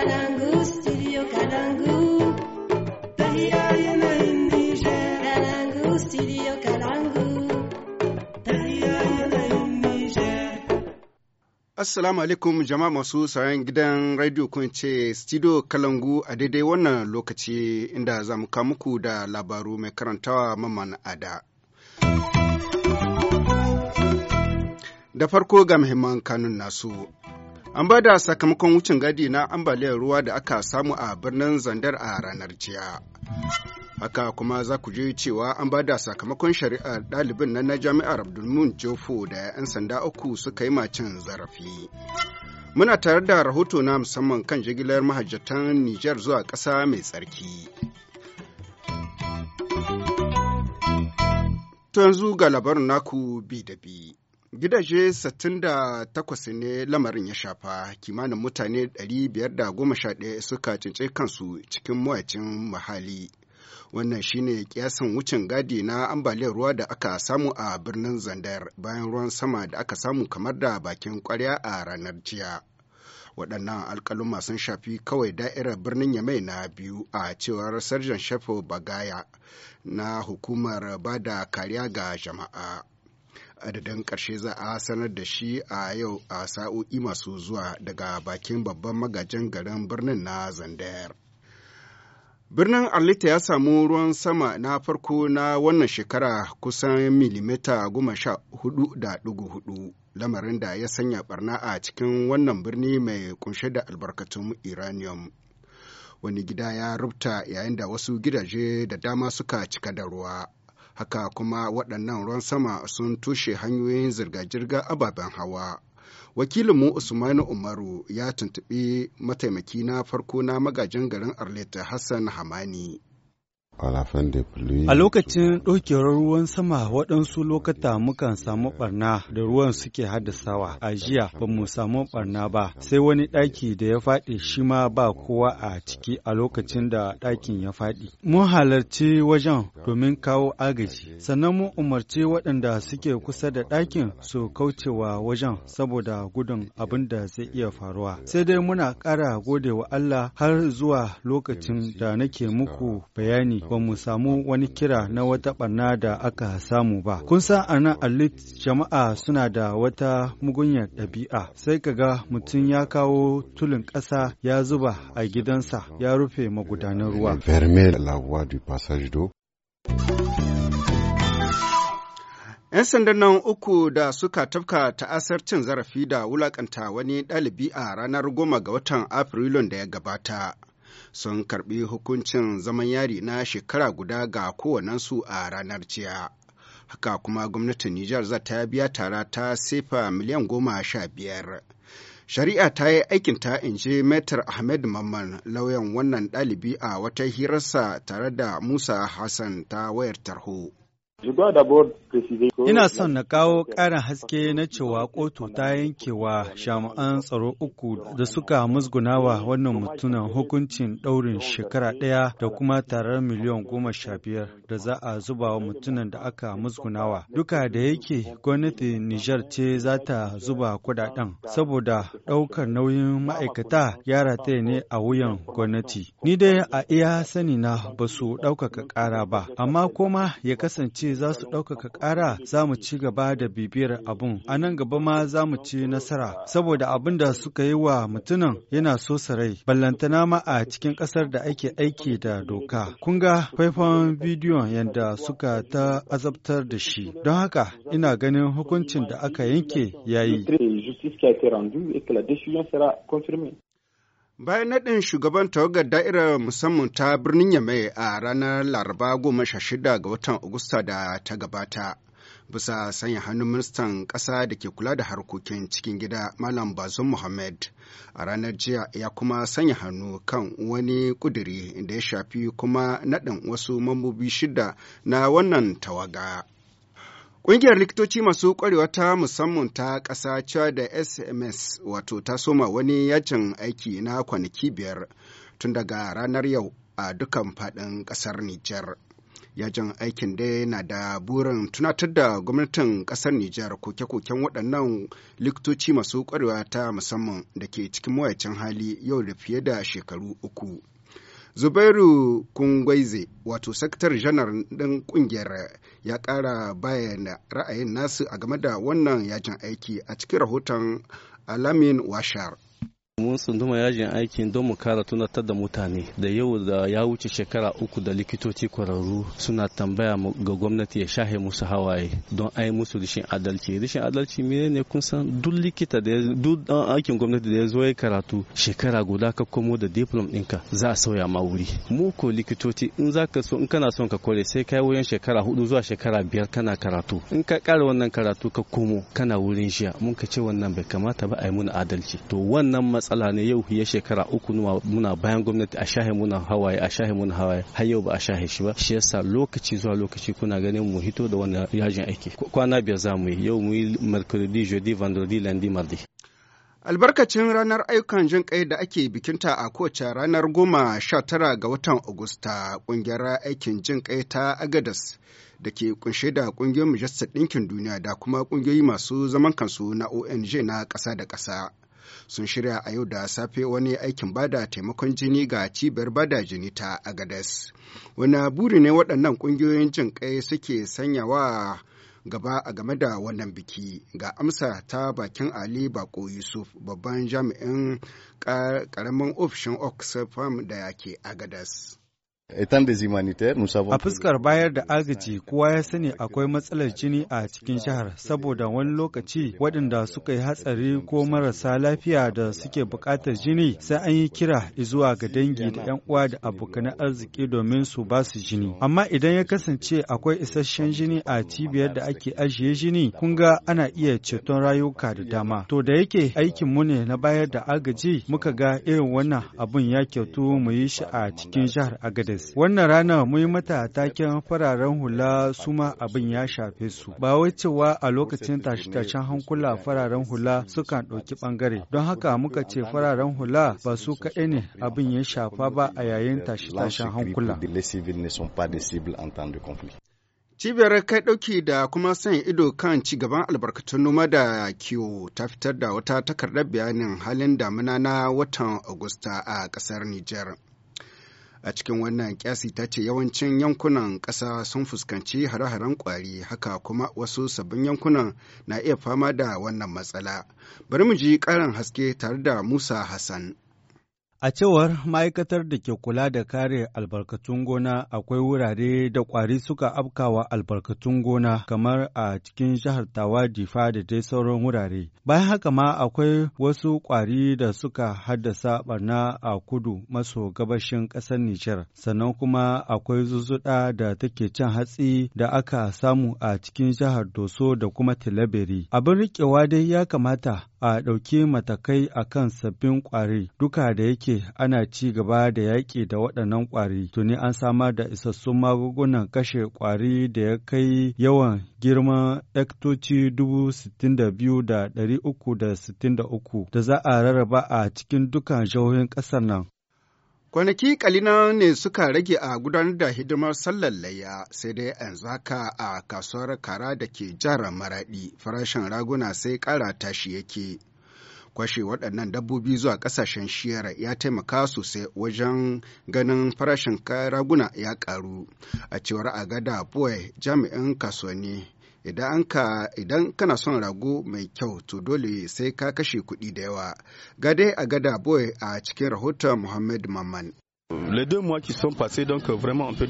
Kalangu, Assalamu alaikum jama'a masu sauran gidan radio kun ce studio Kalangu a daidai wannan lokaci inda za mu muku da labaru mai karantawa mamman ada. Da farko ga muhimman kanun nasu. An ba da sakamakon wucin gadi na ambaliyar ruwa da aka samu a birnin Zandar a ranar jiya. Haka kuma za ku je cewa an ba da sakamakon shari'ar ɗalibin nan na jami'ar Abdulmun Jofo da 'yan sanda uku suka yi macin zarafi. Muna tare da rahoto na musamman kan jigilar mahajjatan Nijar zuwa ƙasa mai tsarki. Ta yanzu ga labarin naku bi da bi. Gidaje 68 ne lamarin ya shafa, kimanin mutane 511 suka cince kansu cikin mawacin mahali. Wannan shine kiyasan wucin gadi na ambaliyar ruwa da aka samu a birnin Zandar bayan ruwan sama da aka samu kamar da bakin kwarya a ranar jiya. waɗannan alkaluma sun shafi kawai da'irar birnin yamai na biyu a cewar sarjan shafo bagaya na hukumar bada kariya ga jama'a adadin ƙarshe za a sanar da shi a yau a sa'o'i masu zuwa daga bakin babban magajin garin birnin na zandayar birnin Alita ya samu ruwan sama na farko na wannan shekara kusan milimita goma sha hudu da dugu hudu lamarin da ya sanya barna a cikin wannan birni mai kunshe da albarkatun uranium wani gida ya rubta yayin da wasu gidaje da dama suka cika da ruwa haka kuma waɗannan ruwan sama sun tushe hanyoyin zirga-zirga ababen hawa wakilinmu usmanu umaru ya tuntuɓi mataimaki na farko na magajin garin arleta hassan hamani A lokacin ɗaukewar ruwan sama waɗansu lokata mukan samu ɓarna da ruwan suke haddasawa. A jiya ba mu samu ɓarna ba, sai wani ɗaki da ya faɗi shi ma ba kowa a ciki a lokacin da ɗakin ya faɗi. Mun halarci wajen domin kawo agaji, sannan mun umarci waɗanda suke kusa da ɗakin su kaucewa wajen saboda gudun abin da zai iya faruwa. Sai dai muna ƙara gode wa Allah har zuwa lokacin da nake muku bayani ba mu samu wani kira na wata barna da aka samu ba. Kun san a nan alit jama'a suna da wata mugunyar ɗabi'a sai ka ga mutum ya kawo tulin ƙasa ya zuba a gidansa ya rufe magudanar ruwa. ‘Yan sandan nan uku da suka tafka ta ta'asar cin zarafi da wulakanta wani ɗalibi a ranar goma ga watan Afrilun da ya gabata. sun karbi hukuncin zaman yari na shekara guda ga kowannensu a ranar jiya. Haka kuma gwamnatin Nijar za ta biya tara ta sefa miliyan goma sha biyar. Shari'a ta yi aikinta in ji Metar Ahmed Mamman lauyan wannan ɗalibi a wata hirarsa tare da Musa Hassan ta wayar tarho. Ina son na kawo ƙarin haske na cewa kotu ta yanke wa jami'an tsaro uku da suka musgunawa wannan mutumin hukuncin ɗaurin shekara ɗaya da kuma tarar miliyan goma sha biyar da za a zuba wa mutumin da aka musgunawa. Duka da yake gwamnati Nijar ce za ta zuba kudaden, saboda ɗaukar nauyin ma'aikata yara ta ne a wuyan gwamnati. Ni dai a iya sani na ba su ɗaukaka ƙara ba, amma koma ya kasance za su ɗaukaka ƙara za mu ci gaba da bibiyar abun. A nan gaba ma za mu ci nasara, saboda abin da suka yi wa mutumin yana so sarai. Ballantana ma a cikin ƙasar da ake aiki da doka. Kun ga faifan bidiyon yadda suka ta azabtar da shi. Don haka ina ganin hukuncin da aka yanke yayi yi. Bayan naɗin shugaban tawagar da'irar musamman ta birnin Yamai a ranar Laraba goma sha shida ga watan Agusta da ta gabata. Bisa sanya hannun ministan ƙasa da ke kula da harkokin cikin gida Malam Bazum Muhammad a ranar jiya ya kuma sanya hannu kan wani ƙuduri da ya shafi kuma naɗin wasu mambobi shida na wannan tawaga. Ƙungiyar likitoci masu ƙwarewa ta musamman ta ƙasa cewa da SMS wato ta soma wani yajin aiki na kwanaki biyar tun daga ranar yau a dukan faɗin ƙasar Nijar. Yajin aikin dai na da burin tunatar da gwamnatin ƙasar Nijar koke-koken waɗannan likitoci masu ƙwarewa ta musamman da ke cikin mawayacin hali yau da fiye da shekaru uku. Zubairu Kungwaize wato Sektar Janar ɗin ƙungiyar ya ƙara bayyana ra'ayin nasu a game da wannan yajin aiki a cikin rahoton Alamin Washar. mun tsunduma yajin aikin don mu kara tunatar da mutane da yau da ya wuce shekara uku da likitoci kwararru suna tambaya ga gwamnati ya shahe musu hawaye don ai musu rishin adalci rishin adalci mene ne kun san duk likita da duk dan aikin gwamnati da ya zo ya karatu shekara guda ka komo da diplom ɗinka za a sauya ma wuri mu ko likitoci in za ka so in kana son ka kore sai kai wayan shekara hudu zuwa shekara biyar kana karatu in ka ƙara wannan karatu ka komo kana wurin jiya mun ka ce wannan bai kamata ba a yi mun adalci to wannan matsa matsala ne yau ya shekara uku muna bayan gwamnati a shahe muna hawaye a shahe muna hawaye har yau ba a shahe shi ba shi yasa lokaci zuwa lokaci kuna ganin mu hito da wannan yajin aiki kwana biyar za mu yi yau mu yi mercredi jeudi vendredi lundi mardi albarkacin ranar ayyukan jin kai da ake bikinta a kowace ranar goma sha tara ga watan agusta kungiyar aikin jin kai ta agadas da ke kunshe da kungiyar majalisar ɗinkin duniya da kuma kungiyoyi masu zaman kansu na ong na ƙasa da ƙasa sun shirya a yau da safe wani aikin bada taimakon jini ga cibiyar bada jini ta agadas wani buri ne waɗannan ƙungiyoyin jin kai suke sanyawa gaba a game da wannan biki ga amsa ta bakin ali bako yusuf babban jami'in ƙaramin ofishin oxfam da yake agadas A fuskar bayar da agaji kowa ya sani akwai matsalar jini a cikin shahar saboda wani lokaci waɗanda suka yi hatsari ko marasa lafiya da suke buƙatar jini sai an yi kira zuwa ga dangi da 'yan uwa da abokan arziki domin su ba su jini. Amma idan ya kasance akwai isasshen jini a cibiyar da ake ajiye jini kun ga ana iya ceton rayuka da dama. To da yake aikin mu ne na bayar da agaji muka ga irin wannan abun ya kyautu mu yi shi a cikin jihar Agadez. Wannan rana mun yi mata taken fararen hula suma abin ya shafe su. Ba wai cewa a lokacin tashe-tashen hankula fararen hula sukan ɗauki ɓangare. Don haka muka ce fararen hula ba su kaɗai ne abin ya shafa ba a yayin tashe-tashen hankula. Cibiyar kai ɗauki da kuma sanya ido kan ci gaban albarkatun noma da kiwo ta fitar da wata takardar bayanin halin damina na watan Agusta a ƙasar Nijar. a cikin wannan kyasi ta ce yawancin yankunan ƙasa sun fuskanci hare-haren kwari haka kuma wasu sabbin yankunan na iya fama da wannan matsala bari mu ji ƙarin haske tare da musa hassan A cewar ma'aikatar da ke kula da kare albarkatun gona akwai wurare da ƙwari suka afkawa albarkatun gona kamar a cikin jihar Tawa Difa da dai sauran wurare. Bayan haka ma akwai wasu ƙwari da suka haddasa barna a kudu maso gabashin ƙasar Nijar. Sannan kuma akwai zuzuɗa da take cin hatsi da aka samu a cikin jihar Doso da kuma Tilabiri. Abin rikewa dai ya kamata a ɗauki matakai a kan sabbin ƙwari duka da yake ana ci gaba da yaƙi da waɗannan ƙwari tuni an samar da isassun magungunan kashe ƙwari da ya kai yawan girman ektoci dubu sittin da biyu da ɗari uku da sittin da uku da za a rarraba a cikin dukan jihohin ƙasar nan. Kwanaki ƙalina ne suka rage a gudanar da hidimar sallar layya sai dai yanzu haka a kasuwar kara da ke jihar Maraɗi, farashin raguna sai ƙara tashi yake. Kwashe waɗannan dabbobi zuwa ƙasashen shiyar ya taimaka sosai wajen ganin farashin raguna ya ƙaru. A cewar Agada Boy jami'in kasuwanni idan kana son rago mai kyau to dole sai ka kashe kuɗi da yawa. Gade a gada boy a cikin rahoton Muhammad Mamman.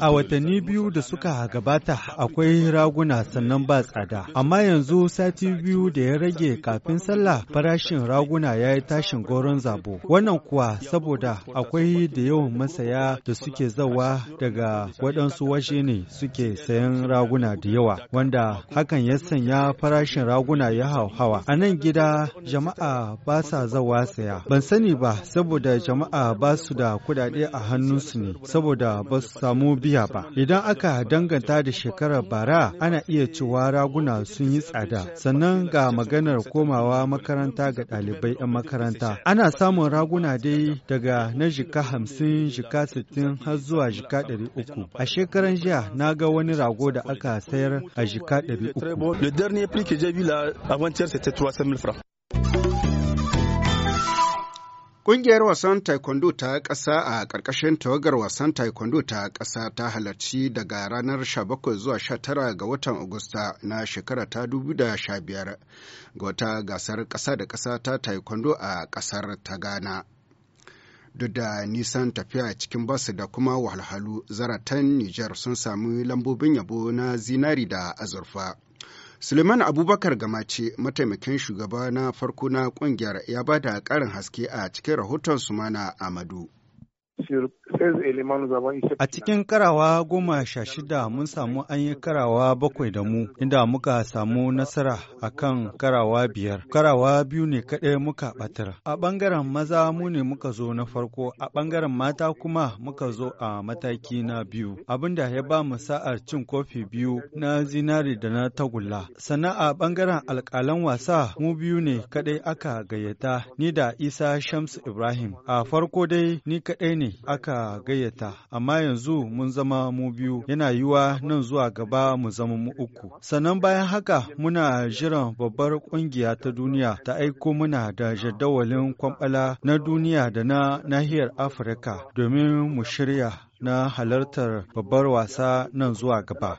A watanni biyu da suka gabata akwai raguna sannan ba tsada, amma yanzu sati biyu da ya rage kafin sallah farashin raguna ya yi tashin goron zabo. Wannan kuwa saboda akwai da yawan masaya da suke zawa daga waɗansu waje ne suke sayan raguna da yawa, wanda hakan ya sanya farashin raguna ya hauhawa. A nan gida jama'a ba sa zawa saya, ban sani ba saboda jama'a ba su da kuɗaɗe a hannunsu ne saboda ba su samu biya ba. Idan aka danganta da shekarar bara ana iya cewa raguna sun yi tsada. Sannan ga maganar komawa makaranta ga ɗalibai 'yan makaranta. Ana samun raguna dai daga na jika hamsin, jika sittin har zuwa jika ɗari uku. A shekaran jiya na ga wani rago da aka sayar a jika ɗari uku. Ƙungiyar wasan taekwondo ta ƙasa a ƙarƙashin tawagar wasan taekwondo ta ƙasa ta halarci daga ranar 17 zuwa 19 ga watan Agusta na shekara ta 2015 ga wata gasar ƙasa da ƙasa ta taekwondo a ƙasar ta Ghana. Duk da nisan tafiya cikin basu da kuma wahalhalu, zaratan Nijar sun sami lambobin yabo na zinari da azurfa. Suleiman Abubakar Gamace mataimakin shugaba na farko na kungiyar ya ba da ƙarin haske a cikin rahoton Sumana Amadu. A cikin karawa goma sha shida mun samu an yi karawa bakwai da mu, inda muka samu nasara a kan karawa biyar. Karawa biyu ne kaɗai muka ɓatar. A ɓangaren maza mu ne muka zo na farko, a ɓangaren mata kuma muka zo a mataki na biyu. Abin da ya ba mu sa'ar cin kofi biyu na zinari da na tagulla. Sannan a ɓangaren alƙalan wasa mu biyu ne kaɗai aka gayyata, ni da Isa Shamsu Ibrahim. A farko dai ni kaɗai ne aka gayyata, amma yanzu mun zama mu biyu yana yiwa nan zuwa gaba mu zama mu uku. Sannan bayan haka muna jiran babbar ƙungiya ta duniya ta aiko muna da jadawalin kwamɓala na duniya da na nahiyar Afirka domin mu shirya na halartar babbar wasa nan zuwa gaba.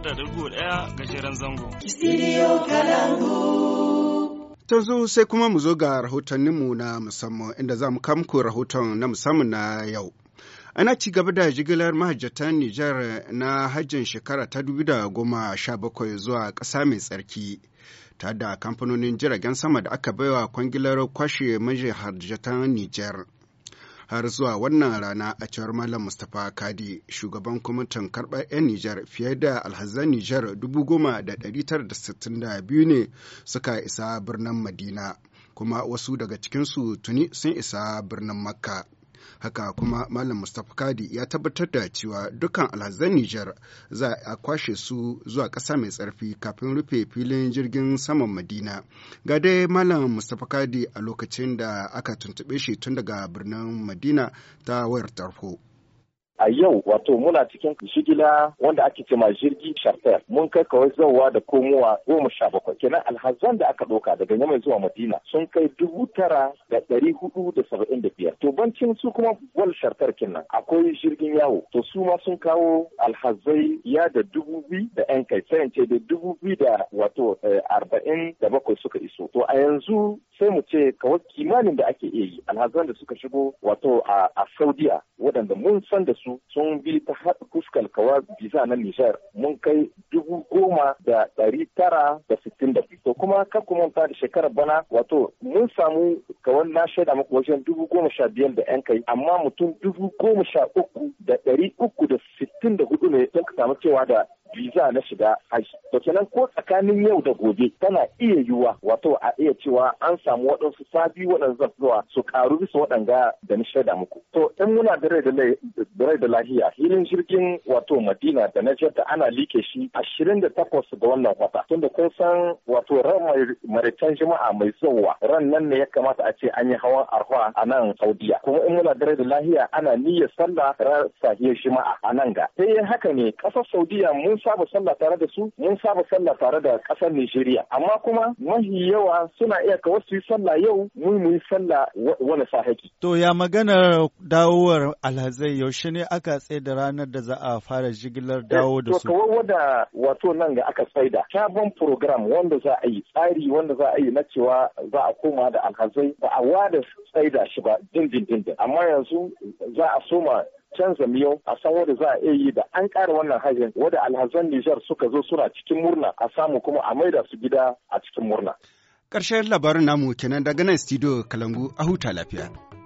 da dubu ɗaya gajeren zango. Studio Kalangu. zo sai kuma mu zo ga rahotanninmu na musamman inda za mu kamku rahoton na musamman na yau. ana ci gaba da jigilar mahajjatan Nijar na hajjin shekara ta goma sha bakwai zuwa ƙasa mai tsarki. Ta da kamfanonin jiragen sama da aka baiwa kwangilar kwashe maji hajjatan Nijar. har zuwa wannan rana a cewar Malam Mustapha Kadi shugaban kwamitin karɓar 'yan Nijar fiye da alhazan Nijar biyu ne suka isa birnin Madina kuma wasu daga cikinsu tuni sun isa birnin Makka. haka kuma malam mustapha kadi ya tabbatar da cewa dukkan alhazan nijar za a kwashe su zuwa ƙasa mai tsarfi kafin rufe filin jirgin saman madina ga dai malam mustapha kadi a lokacin da aka tuntuɓe shi tun daga birnin madina ta wayar tarho. a yau wato muna cikin shigila wanda ake cema jirgi charter mun kai kawai zauwa da komowa goma sha bakwai kenan alhazan da aka ɗauka daga yamai zuwa madina sun kai dubu tara da ɗari hudu da saba'in da biyar to bancin su kuma wal charter kenan akwai jirgin yawo to su ma sun kawo alhazai ya da dubu biyu da yan kai sayance da dubu biyu da wato eh, arba'in da bakwai suka iso to a yanzu sai mu ce kawai kimanin da ake iya yi alhazan da suka shigo wato a saudiya waɗanda mun san da su sun bi ta fuskar kawa biza na nijar mun kai dubu goma da ɗari tara da sittin da to kuma kar ku manta da shekarar bana wato mun samu kawai na shaida muku wajen dubu goma sha biyar da yan kai amma mutum dubu goma sha uku da ɗari uku da sittin da hudu ne don ka samu cewa da visa na shiga aji to kenan ko tsakanin yau da gobe tana iya yiwuwa wato a iya cewa an samu waɗansu sabi waɗanda zuwa su karu bisa waɗanga da ni shaida muku to in muna da da lahiya filin jirgin wato madina da na da ana like shi ashirin da takwas ga wannan wata tunda kun san wato ran maritan jima'a mai zuwa ran nan ne ya kamata a ce an yi hawan arfa a nan saudiya kuma in muna da da lahiya ana niyyar sallah ran sahiyar jama'a a nan ga sai eh, haka ne ƙasar saudiya mun saba sallah tare da su mun saba sallah tare da ƙasar Nijeriya amma kuma mahi yawa suna iya ka wasu yi sallah yau mu mu yi sallah wani sahaki. To ya maganar dawowar alhazai yaushe ne aka da ranar da za a fara jigilar eh, dawo da su? To kawai wada wato nan ga aka tsaida sabon program wanda za a yi tsari wanda za a yi na cewa za a koma da alhazai ba a wada tsaida shi ba dindindin amma yanzu za a soma canza miyo a san wanda za a iya yi da an ƙara wannan hajjin wanda alhazan Nijar suka zo suna cikin murna a samu kuma a maida su gida a cikin murna. Ƙarshen labarin namu kenan daga nan studio Kalangu a huta lafiya.